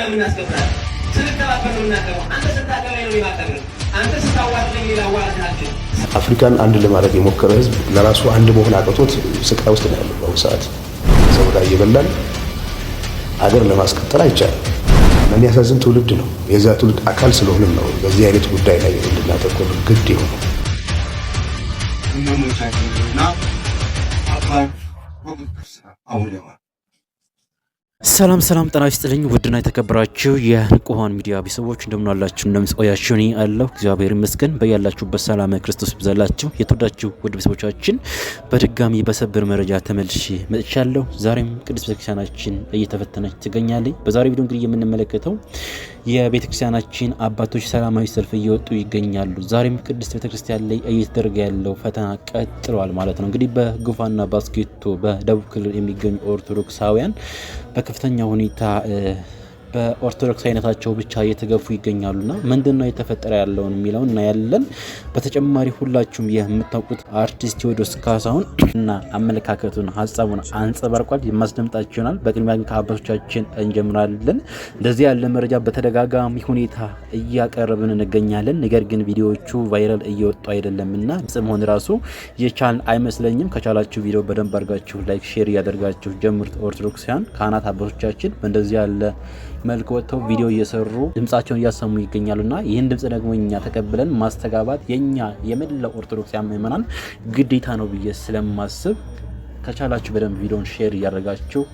እኛ የምናስገባል። ስንተባበር ነው የምናገባው። አንተ ስታገባኝ ነው የማከብር። አፍሪካን አንድ ለማድረግ የሞከረ ህዝብ ለራሱ አንድ መሆን አቅቶት ስቃይ ውስጥ ነው ያለው። በአሁኑ ሰዓት ሰው ላይ እየበላን ሀገር ለማስቀጠል አይቻልም። የሚያሳዝን ትውልድ ነው። የዛ ትውልድ አካል ስለሆንም ነው በዚህ አይነት ጉዳይ ላይ እንድናተኮር ግድ የሆነ እናቶቻችንና አባት ሰላም ሰላም ጤና ይስጥልኝ ውድና የተከበራችሁ የንቁሆን ሚዲያ ቤተሰቦች እንደምናላችሁ እንደምጽቆያችሁ እኔ አለሁ እግዚአብሔር ይመስገን። በያላችሁበት ሰላም ክርስቶስ ይብዛላችሁ። የተወዳችሁ ውድ ቤተሰቦቻችን በድጋሚ በሰብር መረጃ ተመልሼ መጥቻለሁ። ዛሬም ቅድስት ቤተክርስቲያናችን እየተፈተነች ትገኛለች። በዛሬ ቪዲዮ እንግዲህ የምንመለከተው የቤተክርስቲያናችን አባቶች ሰላማዊ ሰልፍ እየወጡ ይገኛሉ። ዛሬም ቅድስት ቤተክርስቲያን ላይ እየተደረገ ያለው ፈተና ቀጥሏል ማለት ነው። እንግዲህ በጉፋና ባስኬቶ በደቡብ ክልል የሚገኙ ኦርቶዶክሳውያን በከፍተኛ ሁኔታ በኦርቶዶክስ አይነታቸው ብቻ እየተገፉ ይገኛሉና ምንድን ነው የተፈጠረ ያለውን የሚለው እናያለን። በተጨማሪ ሁላችሁም የምታውቁት አርቲስት ቴዎድሮስ ካሳሁን እና አመለካከቱን ሀሳቡን አንጸባርቋል። የማስደምጣችሁ ይሆናል። በቅድሚያ ግን ከአባቶቻችን እንጀምራለን። እንደዚህ ያለ መረጃ በተደጋጋሚ ሁኔታ እያቀረብን እንገኛለን። ነገር ግን ቪዲዮዎቹ ቫይራል እየወጡ አይደለም እና ጽ መሆን ራሱ የቻልን አይመስለኝም። ከቻላችሁ ቪዲዮ በደንብ አድርጋችሁ ላይክ፣ ሼር እያደርጋችሁ ጀምሩት። ኦርቶዶክሲያን ካህናት አባቶቻችን በእንደዚህ ያለ መልክ ወጥተው ቪዲዮ እየሰሩ ድምጻቸውን እያሰሙ ይገኛሉና ይህን ድምጽ ደግሞ እኛ ተቀብለን ማስተጋባት የኛ የመላው ኦርቶዶክሳውያን ምእመናን ግዴታ ነው ብዬ ስለማስብ ከቻላችሁ በደንብ ቪዲዮን ሼር እያደረጋችሁ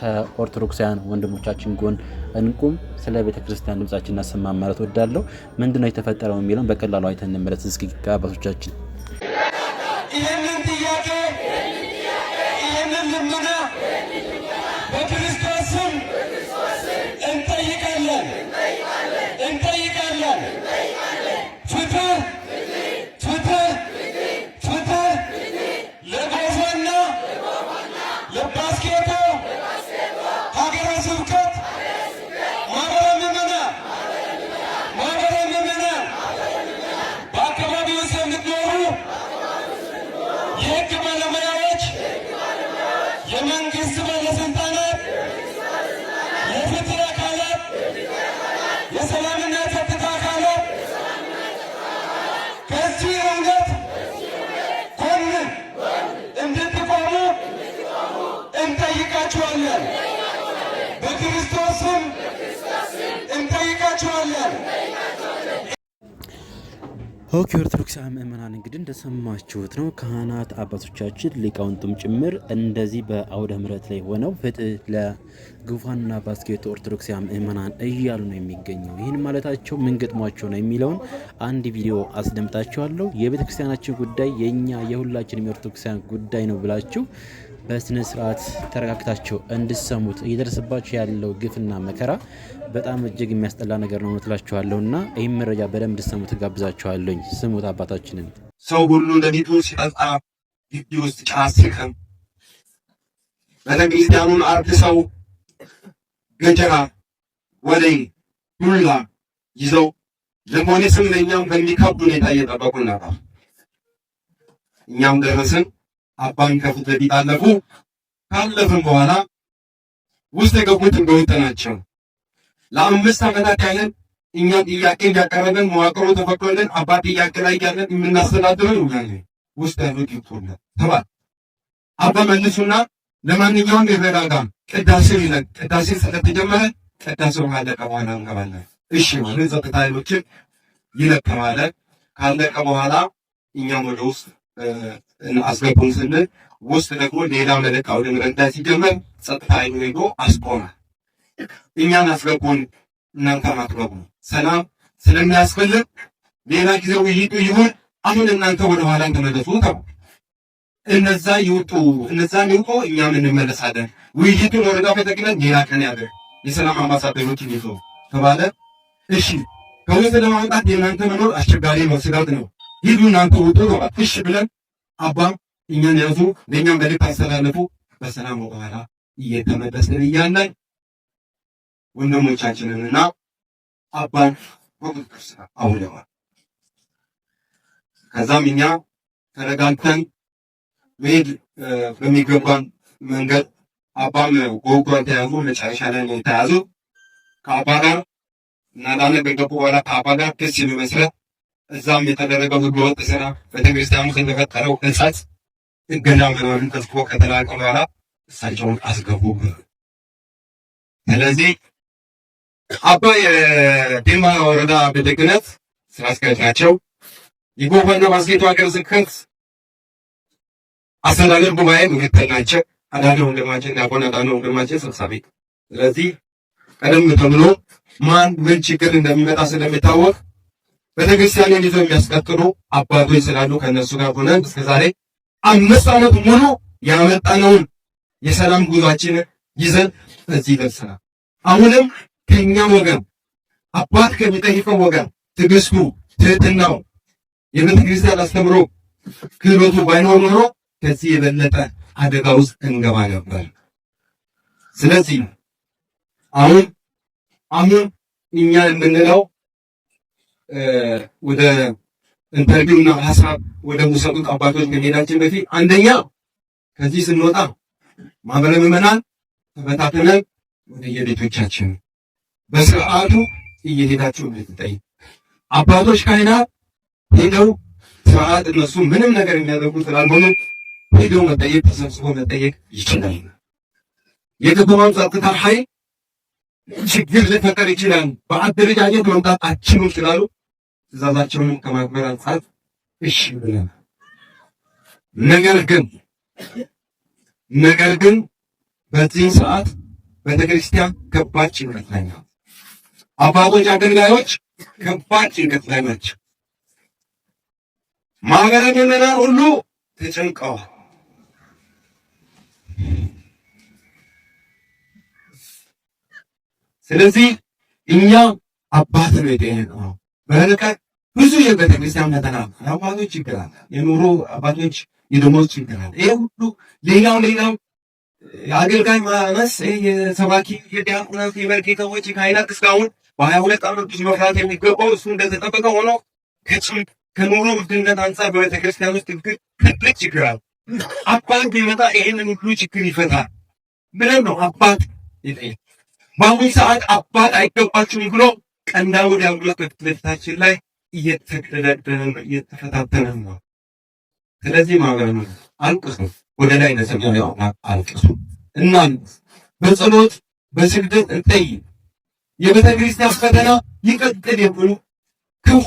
ከኦርቶዶክሳውያን ወንድሞቻችን ጎን እንቁም። ስለ ቤተ ክርስቲያን ድምጻችን እናሰማ ማለት ወዳለው ምንድነው የተፈጠረው የሚለውን በቀላሉ አይተን እንመለስ። እስኪ አባቶቻችን ሆኪ ኦርቶዶክስ ምእመናን እንግዲህ እንደሰማችሁት ነው። ካህናት አባቶቻችን ሊቃውንቱም ጭምር እንደዚህ በአውደ ምረት ላይ ሆነው ፍትሕ ለግፋንና ባስኬቱ ኦርቶዶክስ ምእመናን እያሉ ነው የሚገኘው። ይህን ማለታቸው ምን ገጥሟቸው ነው የሚለውን አንድ ቪዲዮ አስደምጣችኋለሁ። የቤተክርስቲያናችን ጉዳይ የእኛ የሁላችንም የኦርቶዶክሳውያን ጉዳይ ነው ብላችሁ በስነ ስርዓት ተረጋግታቸው እንድሰሙት እየደረሰባቸው ያለው ግፍና መከራ በጣም እጅግ የሚያስጠላ ነገር ነው እላችኋለሁ። እና ይህም መረጃ በደንብ እንድሰሙት እጋብዛችኋለኝ። ስሙት አባታችንን። ሰው ሁሉ ለሊቱ ሲጠጣ ግቢ ውስጥ ጫት ሲቅም፣ አርድ ሰው ገጀራ፣ ወደይ ዱላ ይዘው ልሞኔ ስም ለእኛም በሚከብድ ሁኔታ እየጠበቁ ነበር። እኛም ደረስን። አባን ከፊት ለፊት አለፉ። ካለፍም በኋላ ውስጥ የገቡት እንደወጡ ናቸው። ለአምስት ዓመታት ያህል እኛ ጥያቄ እያቀረብን መዋቅሮ ተፈቅዶልን አባ ጥያቄ ላይ ያለን የምናስተዳድረን ያለ ውስጥ ያሉት ይቶለ ተባል አባ መልሱና ለማንኛውም ይረጋጋም ቅዳሴ ይለ ቅዳሴ ስለተጀመረ ቅዳሴው ካለቀ በኋላ እንገባለን። እሺ ማለት ጸጥታ ኃይሎችን ይለከማለ ካለቀ በኋላ እኛም ወደ ውስጥ አስገቡን ስንል ውስጥ ደግሞ ሌላ መለክ አውድን ምረዳ ሲጀመር ጸጥታ ኃይሉ ሄዶ አስቆመ። እኛን አስገቡን፣ እናንተም አትገቡ። ሰላም ስለሚያስፈልግ ሌላ ጊዜ ውይይቱ ይሁን፣ አሁን እናንተ ወደኋላ ተመለሱ ተባሉ። እነዛ ይውጡ፣ እነዛ ይውጡ፣ እኛም እንመለሳለን። ውይይቱን ወረዳ ፈጠቅለን ሌላ ቀን ያለ የሰላም አምባሳደሮች ይዞ ተባለ። እሺ ከውስጥ ለማምጣት የእናንተ መኖር አስቸጋሪ ነው፣ ስጋት ነው። ሂዱ እናንተ ውጡ ተባለ። እሺ ብለን አባም እኛን ያዙ፣ ለእኛም በልብ አስተላለፉ። በሰላም በኋላ እየተመለስን እያለን ወንድሞቻችንንና አባን በቁጥጥር ስር አውለዋል። ከዛም እኛ ተረጋግተን መሄድ በሚገባን መንገድ አባም ጎጓን ተያዙ። መጨረሻ ላይ ነው የተያዙ። ከአባ ጋር እናዳነ ከገቡ በኋላ ከአባ ጋር ክስ የሚመስረት እዛም የተደረገው ህገወጥ ስራ ቤተክርስቲያኑ ስለተፈጠረው እሳት ጥገና መኖሩን ተስፎ ከተላቀ በኋላ እሳቸውን አስገቡ። ስለዚህ አባ የዴማ ወረዳ ቤተ ክህነት ስራ አስኪያጅ ናቸው። የጎፈና ማስጌቱ ሀገረ ስብከት አስተዳደር ጉባኤ ምክትል ናቸው። አዳነ ወንድማችን ያቆና አዳነ ወንድማችን ሰብሳቢ። ስለዚህ ቀደም ተብሎ ማን ምን ችግር እንደሚመጣ ስለሚታወቅ ቤተክርስቲያንን ይዞ የሚያስቀጥሉ አባቶች ስላሉ ከእነሱ ጋር ሆነን እስከዛሬ አምስት ዓመት ሙሉ ያመጣነውን የሰላም ጉዟችን ይዘን እዚህ ደርሰናል። አሁንም ከኛ ወገን አባት ከሚጠይቀው ወገን ትዕግስቱ፣ ትህትናው የቤተክርስቲያን አስተምሮ ክህሎቱ ባይኖር ኖሮ ከዚህ የበለጠ አደጋ ውስጥ እንገባ ነበር። ስለዚህ አሁን አሁን እኛ የምንለው ወደ ኢንተርቪው እና ሀሳብ ወደ ሙሰጡት አባቶች ከመሄዳችን በፊት አንደኛ ከዚህ ስንወጣ ማህበረ ምዕመናን ተበታትነን ወደ የቤቶቻችን በስርዓቱ እየሄዳችሁ እንድትጠይቅ አባቶች ካህናት ሄደው ስርዓት እነሱ ምንም ነገር የሚያደርጉ ስላልሆኑ ሄደው መጠየቅ ተሰብስቦ መጠየቅ ይችላል። የከተማም ጸጥታ ኃይል ችግር ሊፈጠር ይችላል። በአደረጃጀት መምጣት አችሉ ስላሉ ትእዛዛቸውንም ከማክበር አንጻር እሺ ብለናል። ነገር ግን ነገር ግን በዚህ ሰዓት ቤተክርስቲያን ከባድ ጭንቀት ላይ ነው። አባቶች አገልጋዮች ከባድ ጭንቀት ላይ ናቸው። ማህበረ ምዕመናን ሁሉ ተጨንቀዋል። ስለዚህ እኛ አባት ነው በርቀት ብዙ የቤተክርስቲያን ተጠናል የአባቶች ይገላል የኑሮ አባቶች የደሞዝ ይገላል። ይሄ ሁሉ ሌላው ሌላው የአገልጋይ ማነስ የሰባኪ የዲያቆናት የበርጌታዎች የካህናት እስካሁን በሀያ ሁለት ዓመት ብዙ መፍራት የሚገባው እሱ እንደተጠበቀ ሆኖ ከጭም ከኑሮ ውድነት አንጻር በቤተክርስቲያን ውስጥ ችግር ትልቅ ችግር አለ። አባት ቢመጣ ይህንን ሁሉ ችግር ይፈታል ብለን ነው አባት ይጠይቅ። በአሁኑ ሰዓት አባት አይገባችሁም ብሎ ቀንዳሙን ያሉበት ቤታችን ላይ እየተደረደረ እየተፈታተነ ነው። ስለዚህ ማለት ነው አልቅሱ፣ ወደ ላይ ለሰማዩ አምላክ አልቅሱ እና በጸሎት በስግደት እንጠይ። የቤተ ክርስቲያን ፈተና ይቀጥል የሚሉ ክፉ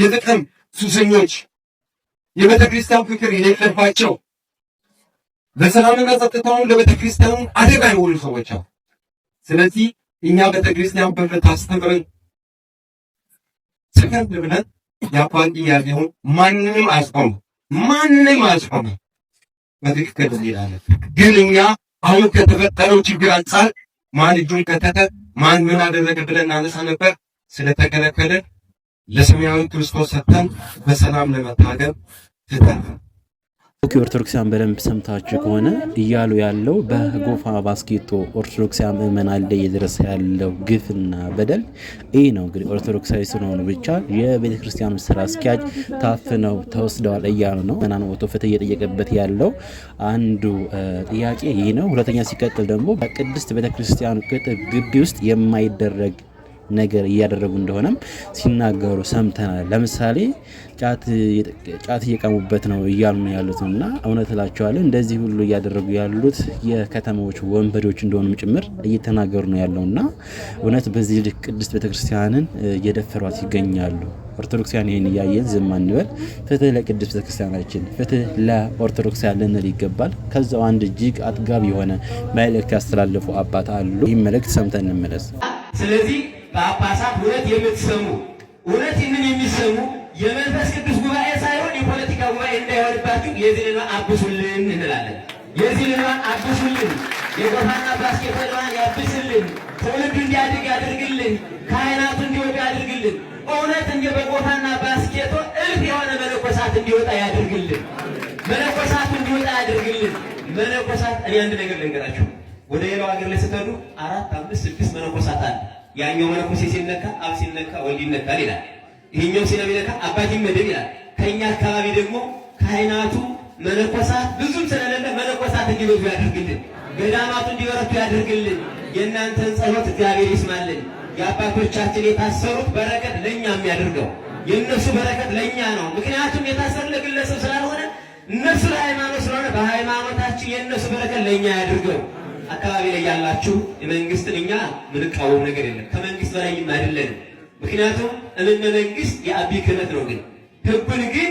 የጥቅም ሱሰኞች፣ የቤተ ክርስቲያን ፍቅር የሌለባቸው ለሰላምና ጸጥታውን ለቤተ ክርስቲያኑ አደጋ የሆኑ ሰዎች። ስለዚህ እኛ ቤተ ክርስቲያን በፈታ አስተምረን ሰከንድ ብለን የአፋን ጥያቄውን ማንም አስቆሙ፣ ማንም አስቆሙ። በትክክል እንሄዳለን። ግን እኛ አሁን ከተፈጠረው ችግር አንጻር ማን እጁን ከተተ፣ ማን ምን አደረገ ብለን እናነሳ ነበር። ስለተከለከለ ለሰማያዊ ክርስቶስ ሰጥተን በሰላም ለመታገብ ትተናል። ኦኬ ኦርቶዶክሳን በደንብ ሰምታችሁ ከሆነ እያሉ ያለው በጎፋ ባስኬቶ ኦርቶዶክሳ ምእመን አለ እየደረሰ ያለው ግፍና በደል ይህ ነው። እንግዲህ ኦርቶዶክሳዊ ስለሆኑ ብቻ የቤተክርስቲያኑ ስራ አስኪያጅ ታፍነው ተወስደዋል እያሉ ነው። መናን ወቶ ፍትህ እየጠየቀበት ያለው አንዱ ጥያቄ ይህ ነው። ሁለተኛ ሲቀጥል ደግሞ በቅድስት ቤተክርስቲያኑ ክርስቲያኑ ቅጥር ግቢ ውስጥ የማይደረግ ነገር እያደረጉ እንደሆነም ሲናገሩ ሰምተናል። ለምሳሌ ጫት እየቀሙበት ነው እያሉ ነው ያሉት ነው እና እውነት እላቸዋለሁ እንደዚህ ሁሉ እያደረጉ ያሉት የከተማዎች ወንበዴዎች እንደሆኑም ጭምር እየተናገሩ ነው ያለው እና እውነት በዚህ ልክ ቅድስት ቤተክርስቲያንን እየደፈሯት ይገኛሉ። ኦርቶዶክሳውያን ይህን እያየን ዝም አንበል። ፍትህ ለቅድስት ቤተክርስቲያናችን፣ ፍትህ ለኦርቶዶክሳውያን ልንል ይገባል። ከዛው አንድ እጅግ አጥጋቢ የሆነ መልእክት ያስተላለፉ አባት አሉ። ይህ መልእክት ሰምተን እንመለስ። ስለዚህ በአባሳት እውነት የምትሰሙ እውነት ይህንን የሚሰሙ የመንፈስ ቅዱስ ጉባኤ ሳይሆን የፖለቲካ ጉባኤ እንዳይሆንባችሁ የዚህንን አብሱልን እንላለን። የዚህንን አብሱልን፣ የጎፋና ባስኬት ልማን ያብስልን፣ ትውልዱ እንዲያድግ ያድርግልን፣ ካህናቱ እንዲወዱ ያድርግልን። እውነት እንደ በጎፋና ባስኬቶ እልፍ የሆነ መነኮሳት እንዲወጣ ያድርግልን። መነኮሳቱ እንዲወጣ ያድርግልን። መነኮሳት እኔ አንድ ነገር ልንገራችሁ። ወደ ሌላው ሀገር ላይ ስትሄዱ አራት፣ አምስት፣ ስድስት መነኮሳት አለ ያኛው መነኩሴ ሲነካ አብ ሲነካ ወልድ ይነካል ይላል። ይሄኛው ሲነካ አባት ይመደብ ይላል። ከኛ አካባቢ ደግሞ ካህናቱ መነኮሳት ብዙም ስለሌለ መነኮሳት እንዲበዙ ያድርግልን፣ ገዳማቱ እንዲበረቱ ያድርግልን። የእናንተን ጸሎት እግዚአብሔር ይስማልን። የአባቶቻችን የታሰሩት በረከት ለእኛ የሚያደርገው የእነሱ በረከት ለእኛ ነው። ምክንያቱም የታሰሩ ለግለሰብ ስላልሆነ እነሱ ለሃይማኖት ስለሆነ በሃይማኖታችን የእነሱ በረከት ለእኛ ያድርገው። አካባቢ ላይ ያላችሁ የመንግስትን እኛ ምንቃወም ነገር የለም። ከመንግስት በላይም አይደለንም። ምክንያቱም እምነ መንግስት የአቢ ክህነት ነው። ግን ህጉን ግን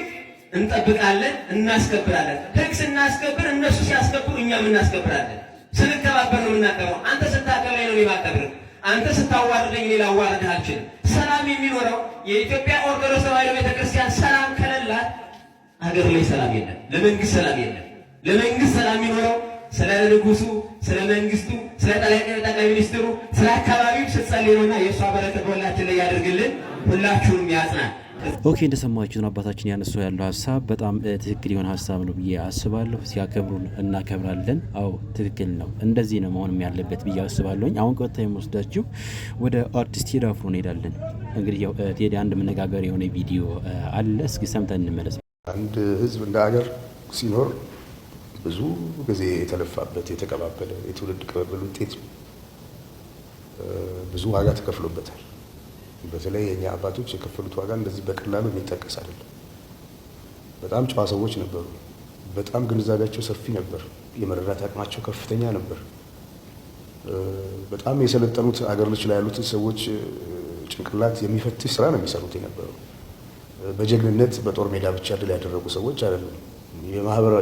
እንጠብቃለን፣ እናስከብራለን። ህግ ስናስከብር እነሱ ሲያስከብሩ እኛም እናስከብራለን። ስንከባበር ነው የምናቀርበው። አንተ ስታከብረኝ ነው እኔ አንተ ስታዋርደኝ ሌላ ላዋርድህ ሰላም የሚኖረው የኢትዮጵያ ኦርቶዶክስ ተዋሕዶ ቤተክርስቲያን ሰላም ከሌላት አገር ላይ ሰላም የለም። ለመንግስት ሰላም የለም። ለመንግስት ሰላም የሚኖረው ስለ ንጉሱ፣ ስለ መንግስቱ፣ ስለ ጠቅላይ ሚኒስትሩ፣ ስለ አካባቢው ስትጸልይ ነውና የእሷ በረከት በሁላችን ላይ ያደርግልን፣ ሁላችሁም ያጽናል። ኦኬ፣ እንደሰማችሁን አባታችን ያነሱ ያለው ሀሳብ በጣም ትክክል የሆነ ሀሳብ ነው ብዬ አስባለሁ። ሲያከብሩን እናከብራለን። አዎ ትክክል ነው። እንደዚህ ነው መሆንም ያለበት ብዬ አስባለሁኝ። አሁን ቀጥታ የምወስዳችሁ ወደ አርቲስት ቴዲ አፍሮ እንሄዳለን። እንግዲህ ያው ቴዲ አንድ መነጋገር የሆነ ቪዲዮ አለ፣ እስኪ ሰምተን እንመለስ። አንድ ህዝብ እንደ ሀገር ሲኖር ብዙ ጊዜ የተለፋበት የተቀባበለ የትውልድ ቅብብል ውጤት ብዙ ዋጋ ተከፍሎበታል። በተለይ የእኛ አባቶች የከፈሉት ዋጋ እንደዚህ በቀላሉ የሚጠቀስ አይደለም። በጣም ጨዋ ሰዎች ነበሩ። በጣም ግንዛቤያቸው ሰፊ ነበር። የመረዳት አቅማቸው ከፍተኛ ነበር። በጣም የሰለጠኑት አገሮች ላይ ያሉትን ሰዎች ጭንቅላት የሚፈትሽ ስራ ነው የሚሰሩት የነበረው። በጀግንነት በጦር ሜዳ ብቻ ድል ያደረጉ ሰዎች አይደሉም።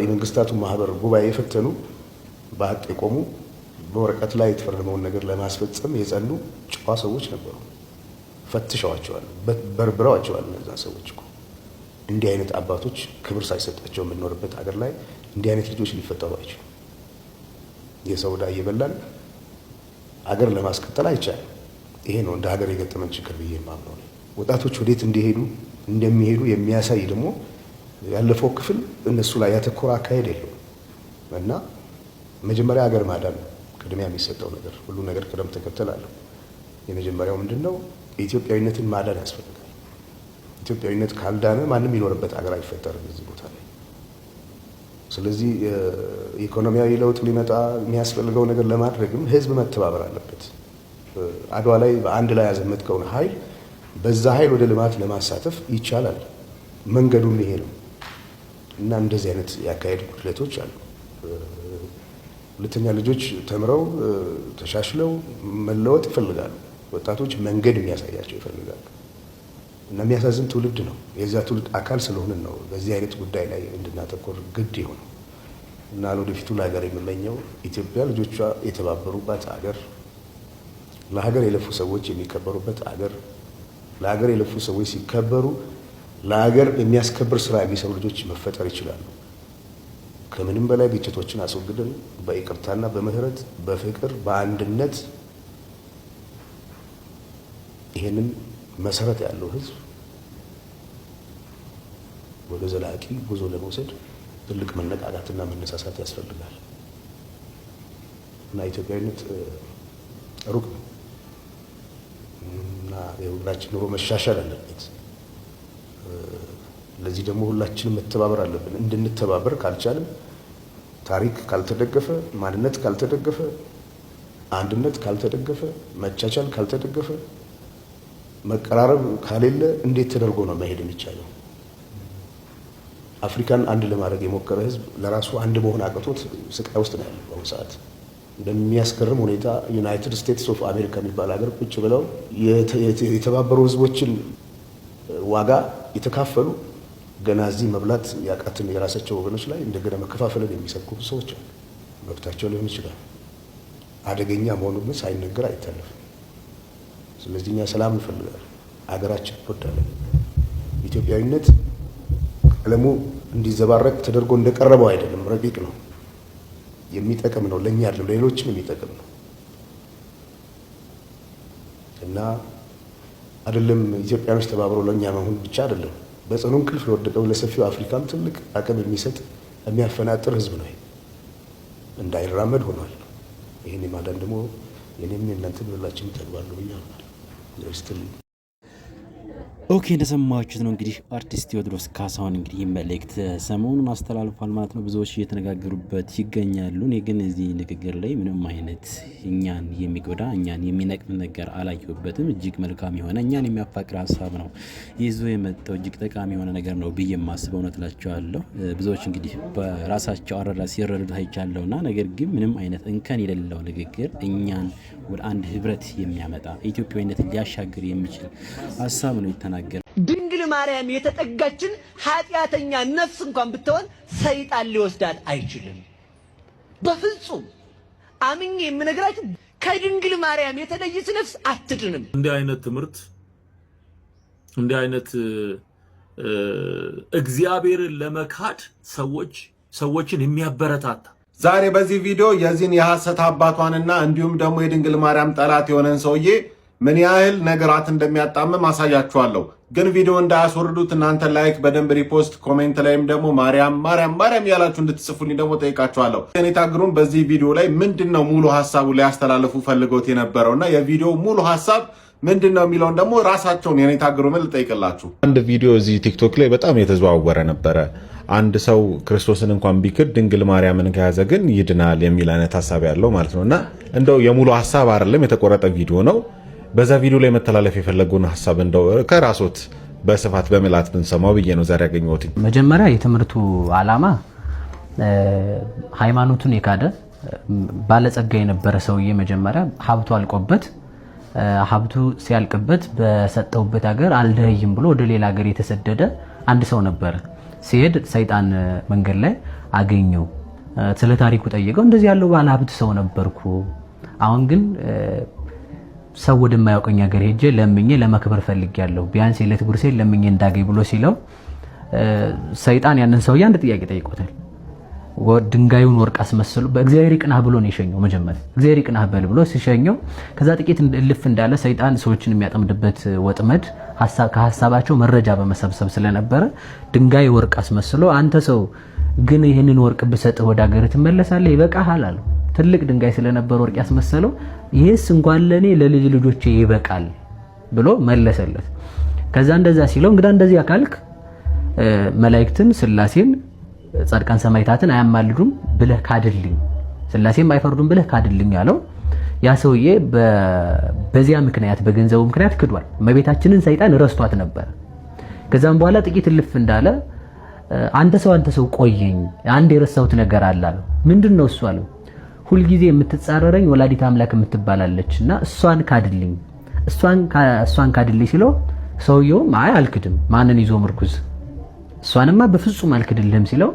የመንግስታቱ ማህበር ጉባኤ የፈተኑ በሀቅ የቆሙ በወረቀት ላይ የተፈረመውን ነገር ለማስፈጸም የጸኑ ጨዋ ሰዎች ነበሩ። ፈትሸዋቸዋል፣ በርብረዋቸዋል። እነዛ ሰዎች እኮ እንዲህ አይነት አባቶች ክብር ሳይሰጣቸው የምንኖርበት ሀገር ላይ እንዲህ አይነት ልጆች ሊፈጠሩ አይችሉ። የሰው ዕዳ እየበላን ሀገር ለማስቀጠል አይቻልም። ይሄ ነው እንደ ሀገር የገጠመን ችግር ብዬ የማምነው። ወጣቶች ወዴት እንዲሄዱ እንደሚሄዱ የሚያሳይ ደግሞ ያለፈው ክፍል እነሱ ላይ ያተኮረ አካሄድ የለው እና መጀመሪያ ሀገር ማዳን ነው ቅድሚያ የሚሰጠው ነገር። ሁሉ ነገር ቅደም ተከተል አለው። የመጀመሪያው ምንድን ነው? የኢትዮጵያዊነትን ማዳን ያስፈልጋል። ኢትዮጵያዊነት ካልዳነ ማንም ይኖርበት ሀገር አይፈጠርም እዚህ ቦታ ላይ። ስለዚህ ኢኮኖሚያዊ ለውጥ ሊመጣ የሚያስፈልገው ነገር ለማድረግም ህዝብ መተባበር አለበት። አድዋ ላይ በአንድ ላይ ያዘመጥከውን ኃይል በዛ ኃይል ወደ ልማት ለማሳተፍ ይቻላል። መንገዱም ይሄ ነው። እና እንደዚህ አይነት ያካሄድ ጉድለቶች አሉ። ሁለተኛ ልጆች ተምረው ተሻሽለው መለወጥ ይፈልጋሉ። ወጣቶች መንገድ የሚያሳያቸው ይፈልጋሉ እና የሚያሳዝን ትውልድ ነው። የዛ ትውልድ አካል ስለሆንን ነው በዚህ አይነት ጉዳይ ላይ እንድናተኮር ግድ የሆነው እና ለወደፊቱ ለሀገር የምመኘው ኢትዮጵያ ልጆቿ የተባበሩባት አገር፣ ለሀገር የለፉ ሰዎች የሚከበሩበት አገር፣ ለሀገር የለፉ ሰዎች ሲከበሩ ለሀገር የሚያስከብር ስራ የሚሰሩ ልጆች መፈጠር ይችላሉ። ከምንም በላይ ግጭቶችን አስወግደን በይቅርታና በምህረት በፍቅር በአንድነት ይህንን መሰረት ያለው ህዝብ ወደ ዘላቂ ጉዞ ለመውሰድ ትልቅ መነቃቃትና መነሳሳት ያስፈልጋል እና ኢትዮጵያዊነት ሩቅ ነው እና የሁላችን ኑሮ መሻሻል አለበት። ለዚህ ደግሞ ሁላችንም መተባበር አለብን። እንድንተባበር ካልቻልም ታሪክ ካልተደገፈ፣ ማንነት ካልተደገፈ፣ አንድነት ካልተደገፈ፣ መቻቻል ካልተደገፈ፣ መቀራረብ ካሌለ እንዴት ተደርጎ ነው መሄድ የሚቻለው? አፍሪካን አንድ ለማድረግ የሞከረ ህዝብ ለራሱ አንድ መሆን አቅቶት ስቃይ ውስጥ ነው ያለው በአሁኑ ሰዓት። በሚያስገርም ሁኔታ ዩናይትድ ስቴትስ ኦፍ አሜሪካ የሚባል ሀገር ቁጭ ብለው የተባበሩ ህዝቦችን ዋጋ የተካፈሉ ገና እዚህ መብላት ያቃትን የራሳቸው ወገኖች ላይ እንደገና መከፋፈልን የሚሰብኩ ሰዎች አሉ። መብታቸው ሊሆን ይችላል። አደገኛ መሆኑ ግን ሳይነገር አይታለፍም። ስለዚህ እኛ ሰላም እንፈልጋለን፣ አገራችን እንወዳለን። ኢትዮጵያዊነት ቀለሙ እንዲዘባረቅ ተደርጎ እንደቀረበው አይደለም። ረቂቅ ነው፣ የሚጠቅም ነው። ለእኛ አይደለም፣ ለሌሎችም የሚጠቅም ነው እና አይደለም ኢትዮጵያኖች ተባብሮ ለእኛ መሆን ብቻ አይደለም፣ በጽኑ እንቅልፍ ለወደቀው ለሰፊው አፍሪካም ትልቅ አቅም የሚሰጥ የሚያፈናጥር ህዝብ ነው። እንዳይራመድ ሆኗል። ይህን የማዳን ደግሞ የኔም የእናንተም ሁላችንም ተግባር ነው ብያለሁ። ኦኬ እንደሰማችሁት ነው እንግዲህ አርቲስት ቴዎድሮስ ካሳሁን እንግዲህ መልእክት ሰሞኑን አስተላልፏል ማለት ነው። ብዙዎች እየተነጋገሩበት ይገኛሉ። እኔ ግን እዚህ ንግግር ላይ ምንም አይነት እኛን የሚጎዳ እኛን የሚነቅም ነገር አላየሁበትም። እጅግ መልካም የሆነ እኛን የሚያፋቅር ሀሳብ ነው ይዞ የመጣው እጅግ ጠቃሚ የሆነ ነገር ነው ብዬ የማስበው እውነት እላቸዋለሁ። ብዙዎች እንግዲህ በራሳቸው አረዳ ሲረዱት አይቻለሁና፣ ነገር ግን ምንም አይነት እንከን የሌለው ንግግር እኛን ወደ አንድ ህብረት የሚያመጣ ኢትዮጵያዊነትን ሊያሻግር የሚችል ሀሳብ ነው ይተናል ተናገረ። ድንግል ማርያም የተጠጋችን ኃጢአተኛ ነፍስ እንኳን ብትሆን ሰይጣን ሊወስዳት አይችልም። በፍጹም አምኜ የምነግራችሁ ከድንግል ማርያም የተለየች ነፍስ አትድንም። እንዲህ አይነት ትምህርት እንዲህ አይነት እግዚአብሔርን ለመካድ ሰዎች ሰዎችን የሚያበረታታ ዛሬ በዚህ ቪዲዮ የዚህን የሐሰት አባቷንና እንዲሁም ደግሞ የድንግል ማርያም ጠላት የሆነን ሰውዬ ምን ያህል ነገራት እንደሚያጣምም አሳያችኋለሁ። ግን ቪዲዮ እንዳያስወርዱት እናንተ ላይክ በደንብ ሪፖስት፣ ኮሜንት ላይም ደግሞ ማርያም ማርያም ማርያም ያላችሁ እንድትጽፉልኝ ደግሞ ጠይቃችኋለሁ። ኔታ ግሩም በዚህ ቪዲዮ ላይ ምንድን ነው ሙሉ ሀሳቡ ሊያስተላልፉ ፈልገውት የነበረው እና የቪዲዮ ሙሉ ሀሳብ ምንድን ነው የሚለውን ደግሞ ራሳቸውን የኔታ ግሩምን ልጠይቅላችሁ። አንድ ቪዲዮ እዚህ ቲክቶክ ላይ በጣም የተዘዋወረ ነበረ። አንድ ሰው ክርስቶስን እንኳን ቢክድ ድንግል ማርያምን ከያዘ ግን ይድናል የሚል አይነት ሀሳብ ያለው ማለት ነው እና እንደው የሙሉ ሀሳብ አይደለም የተቆረጠ ቪዲዮ ነው በዛ ቪዲዮ ላይ መተላለፍ የፈለጉን ሀሳብ እንደው ከራሶት በስፋት በምላት ብንሰማው ብዬ ነው ዛሬ ያገኘሁት። መጀመሪያ የትምህርቱ አላማ ሃይማኖቱን የካደ ባለጸጋ የነበረ ሰውዬ መጀመሪያ ሀብቱ አልቆበት ሀብቱ ሲያልቅበት በሰጠውበት ሀገር አልደይም ብሎ ወደ ሌላ ሀገር የተሰደደ አንድ ሰው ነበረ። ሲሄድ ሰይጣን መንገድ ላይ አገኘው። ስለ ታሪኩ ጠየቀው። እንደዚህ ያለው ባለ ሀብት ሰው ነበርኩ፣ አሁን ግን ሰው ወደማያውቀኝ ሀገር ሄጄ ለምኜ ለመክበር ፈልጌያለሁ፣ ቢያንስ የዕለት ጉርሴን ለምኜ እንዳገኝ ብሎ ሲለው ሰይጣን ያንን ሰውዬ አንድ ጥያቄ ጠይቆታል። ድንጋዩን ወርቅ አስመስሎ በእግዚአብሔር ይቅናህ ብሎ ነው የሸኘው። መጀመሪያ እግዚአብሔር ይቅናህ በል ብሎ ሲሸኘው ከዛ ጥቂት እልፍ እንዳለ ሰይጣን ሰዎችን የሚያጠምድበት ወጥመድ ከሀሳባቸው መረጃ በመሰብሰብ ስለነበረ ድንጋይ ወርቅ አስመስሎ አንተ ሰው ግን ይህንን ወርቅ ብሰጥህ ወደ ሀገር ትመለሳለህ፣ ይበቃሃል አለው። ትልቅ ድንጋይ ስለነበር ወርቅ ያስመሰለው ይህስ እንኳን ለእኔ ለልጅ ልጆቼ ይበቃል ብሎ መለሰለት። ከዛ እንደዛ ሲለው እንግዳ እንደዚያ ካልክ መላእክትን፣ ስላሴን፣ ጻድቃን ሰማይታትን አያማልዱም ብለህ ካድልኝ፣ ስላሴም አይፈርዱም ብለህ ካድልኝ አለው። ያ ሰውዬ በዚያ ምክንያት በገንዘቡ ምክንያት ክዷል። እመቤታችንን ሰይጣን ረስቷት ነበር ከዛም በኋላ ጥቂት እልፍ እንዳለ አንተ ሰው አንተ ሰው ቆየኝ፣ አንድ የረሳሁት ነገር አለ አለው። ምንድን ነው እሱ አለው ሁልጊዜ የምትጻረረኝ ወላዲት አምላክ የምትባላለች እና እሷን ካድልኝ እሷን ካድልኝ ሲለው ሰውየውም አይ አልክድም፣ ማንን ይዞ ምርኩዝ እሷንማ በፍጹም አልክድልህም ሲለው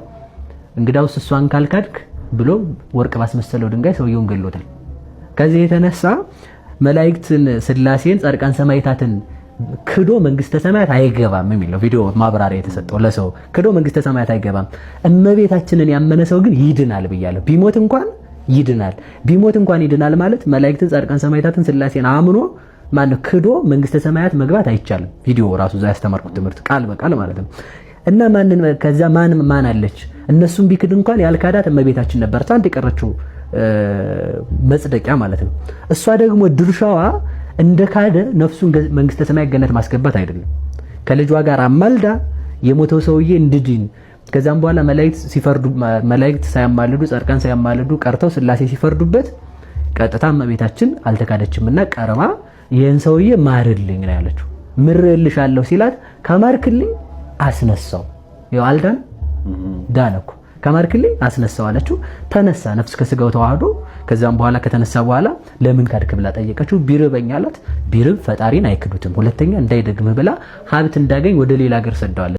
እንግዳውስ እሷን ካልካድክ ብሎ ወርቅ ባስመሰለው ድንጋይ ሰውየውን ገሎታል። ከዚህ የተነሳ መላይክትን ስላሴን፣ ጻድቃን ሰማይታትን ክዶ መንግስተ ሰማያት አይገባም የሚለው ቪዲዮ ማብራሪያ የተሰጠው ለሰው ክዶ መንግስተ ሰማያት አይገባም። እመቤታችንን ያመነ ሰው ግን ይድናል ብያለሁ። ቢሞት እንኳን ይድናል። ቢሞት እንኳን ይድናል ማለት መላእክትን፣ ጻድቃን፣ ሰማዕታትን፣ ስላሴን አምኖ ማነው ክዶ መንግስተ ሰማያት መግባት አይቻልም። ቪዲዮ ራሱ እዛ ያስተማርኩት ትምህርት ቃል በቃል ማለት ነው። እና ማንን ከዛ ማን ማን አለች? እነሱም ቢክድ እንኳን ያልካዳት እመቤታችን ነበረች፣ አንድ የቀረችው መጽደቂያ ማለት ነው። እሷ ደግሞ ድርሻዋ እንደ ካደ ነፍሱን መንግስተ ሰማያት ገነት ማስገባት አይደለም፣ ከልጇ ጋር አማልዳ የሞተው ሰውዬ እንድድን ከዛም በኋላ መላእክት ሲፈርዱ መላእክት ሳያማልዱ ጻድቃን ሳያማልዱ ቀርተው ስላሴ ሲፈርዱበት ቀጥታ እመቤታችን አልተካደችምና ቀርባ ይህን ሰውዬ ማርልኝ ነው ያለችው። ምርልሻለሁ ሲላት ከማርክልኝ አስነሳው ያው አልዳን ዳነኩ ከማርክልኝ አስነሳው አለችው። ተነሳ ነፍስ ከስጋው ተዋህዶ። ከዛም በኋላ ከተነሳ በኋላ ለምን ካድክ ብላ ጠየቀችው። ቢርበኝ አላት። ቢርብ ፈጣሪን አይክዱትም፣ ሁለተኛ እንዳይደግምህ ብላ ሀብት እንዳገኝ ወደ ሌላ ሀገር ሰደዋለች።